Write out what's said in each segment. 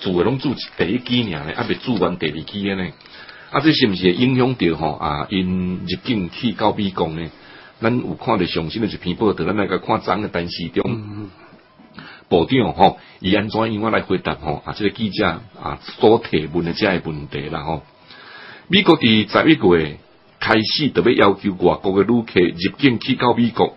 住嘅攏住第一期爾咧，阿袂住完第二期嘅咧，啊，這是毋是會影響着吼啊？因入境去到美國咧，咱有看到上新嘅一篇報道，咱來個看長嘅單視中、嗯，部長吼，伊、啊、安怎因我來回答吼啊？即、這個記者啊，所提問嘅即個問題啦吼。美國佇十一月開始特別要求外國嘅旅客入境去到美國。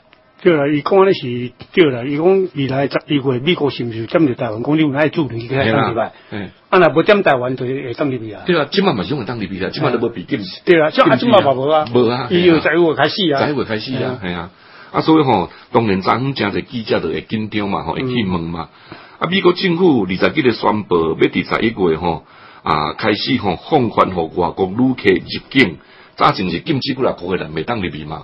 對啦！伊講誒是對啦！伊講未來十二月美國是毋是占著台灣？講啲咩做嚟？佢係爭啲咩？嗯，啊，若無占台灣，著就會當入去啊？即擺嘛是唔想當入去咩？即千萬都冇別境。對啦，即擺即擺無啊！冇啊！十一月開始啊！十一月開始啊！係啊，啊，啊，啊，啊，啊，啊，啊，啊！啊，所以嗬、哦，當年昨昏誠濟記者都會緊張嘛，會去問嘛，嗯、啊美國政府二十幾日宣布要佇十一月吼，啊開始吼、哦，放寬和外國旅客入境，早前是禁止嗰啲人過人未當入去嘛。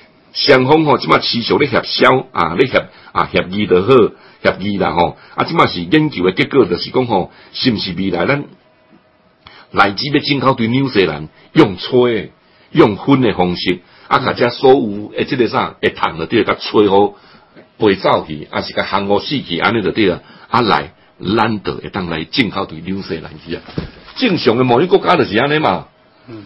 雙方吼即擺持續咧協商啊，咧協啊協議著好，協議啦吼、哦，啊即擺是研究誒結果，著是講吼，是毋是未來咱來自欲進口對紐西蘭用吹用粉誒方式，啊甲遮所有誒即個啥誒糖都啲甲吹好，好背走去，抑是甲行貨死去，安尼著啲啦，啊來咱著會當來進口對紐西蘭啊，正常誒貿易國家著是安尼嘛。嗯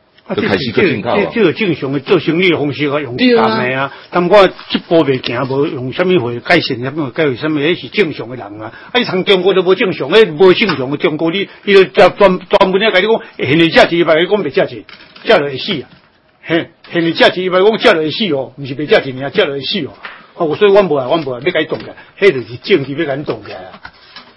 就開始就啊，這是這這正常的做生意的方式，啊、用談的啊，啊。但我這步未行，無用什麼話解釋，那麼該為什麼？改善什麼，改善什麼，那是正常的人啊。啊，你從中國都無正常，那無正常的中國，你，你就專專門咧跟你講，現在假錢，白講不假錢，假了會死啊。嘿，現在假錢，白講假了會死哦，唔是不假錢啊，假了會死哦。啊、哦，所以我唔來，我唔來，你該動起來，那就是政治，你該動起來。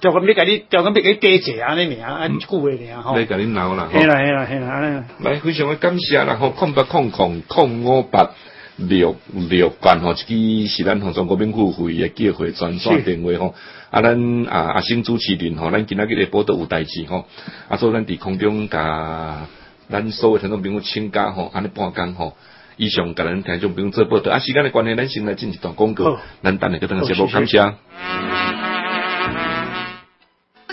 就咁你嗰啲，就咁你嗰啲爹姐啊啲名啊，顧會嚟啊～嚟嗰啲啦～係啦係啦係啦～嚟、喔，非常感謝啦～吼、喔，控伯、控控控五八六六羣吼，即、喔、支是咱香國賓邊會議誒，機會，專送電話吼，啊，咱啊，阿、啊、星主持人，吼、喔，咱、啊、今日嘅直播都有代志，吼、喔，啊，所以，咱佇空中甲咱所有聽眾朋友請假嗬，安、喔、尼半間吼、喔，以上甲咱聽眾朋友做報道，啊時間嘅關係，咱、嗯、先來進一段廣告，咱等你等下節目，感謝。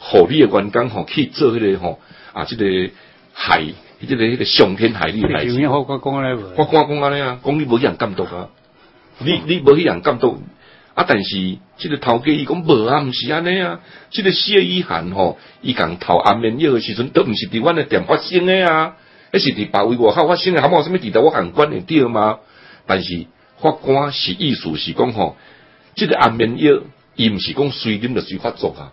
互你誒，員工吼去做迄、那個吼啊，即、這個害即、這個迄、那個傷天害理嘅事情。法官講咧，法官講咧啊，講你無去人監督啊，你你無去人監督啊。但是即、這個頭家伊講無啊，唔是安尼啊。即、這個謝依涵吼，伊講頭安眠藥嘅時陣，都唔是佇我哋店發生嘅啊，還是佇別位外口發生嘅，還冇什麼值得我肯管理掉嘛？但是法官是意思是，哦這個、是講吼，即個安眠藥，伊唔是講隨便就隨便做啊。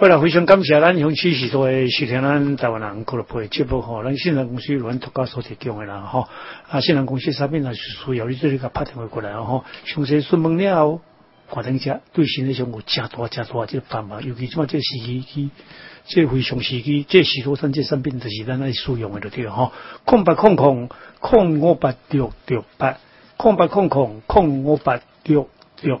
好啦，非常感謝咱上次許多的是聽咱台灣人俱樂、嗯、部的直播哈。咱新南公司阮托家所提供嘅啦哈。啊，新南公司產品啊需要你這裏噶拍電話過來啊哈。詳細詢問了、喔，確定下對新南項目加大加大這個幫忙。尤其即個時機，期，即、這個、非常時機，即許多生即生病，就是咱愛使用嘅多啲哈。空白空空，空空空五八六六,六八，空白空空，空空空五八六六。六六。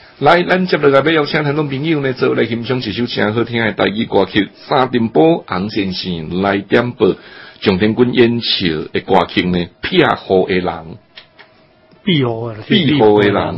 來，咱接落來，要請很多朋友呢，做陣來欣賞一首唱好聽嘅台語歌曲。三點波，紅線線，來點播，張天滾演唱嘅歌曲呢，碧荷嘅人，碧荷，碧荷嘅人，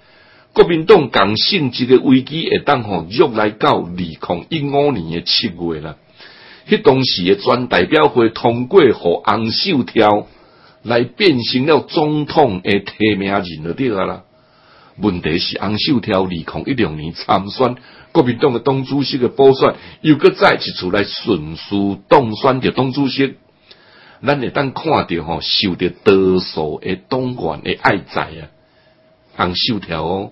國民黨共性質嘅危機，而當吼，約來到二零一五年嘅七月啦。迄當時嘅全代表會通過，和洪秀柱來變成了總統嘅提名人就對啦。問題是洪秀柱二零一六年參選，國民黨嘅黨主席嘅補選又擱再一次來順數當選嘅黨主席。咱會當看着吼，受着多數嘅黨員嘅愛戴啊，洪秀柱哦。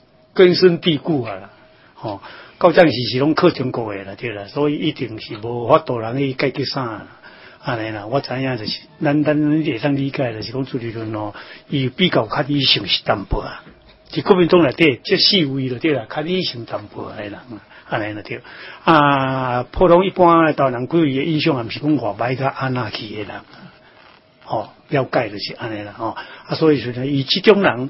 根深蒂固啊，啦，吼、哦！到暫時是攏靠中國嘅啦，對啦，所以一定是無法度人去解決啥，啊，安尼啦。我知影就是，咱咱也會當理解就理、哦、比較比較就啦，是講主流咯，伊比較較理性淡薄啊。就國民黨內底即四位咯，對啦，較理性淡薄係啦，安尼啦對。啊，普通一般嘅大人，的的人，佢個印象係咪是講話白家安那去嘅啦，吼，了解就是安尼啦，吼、哦，啊，所以說呢，以這種人。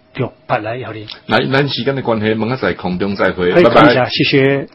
著八禮後面，那那時間嘅關係，問一陣空中再會，拜拜，謝謝。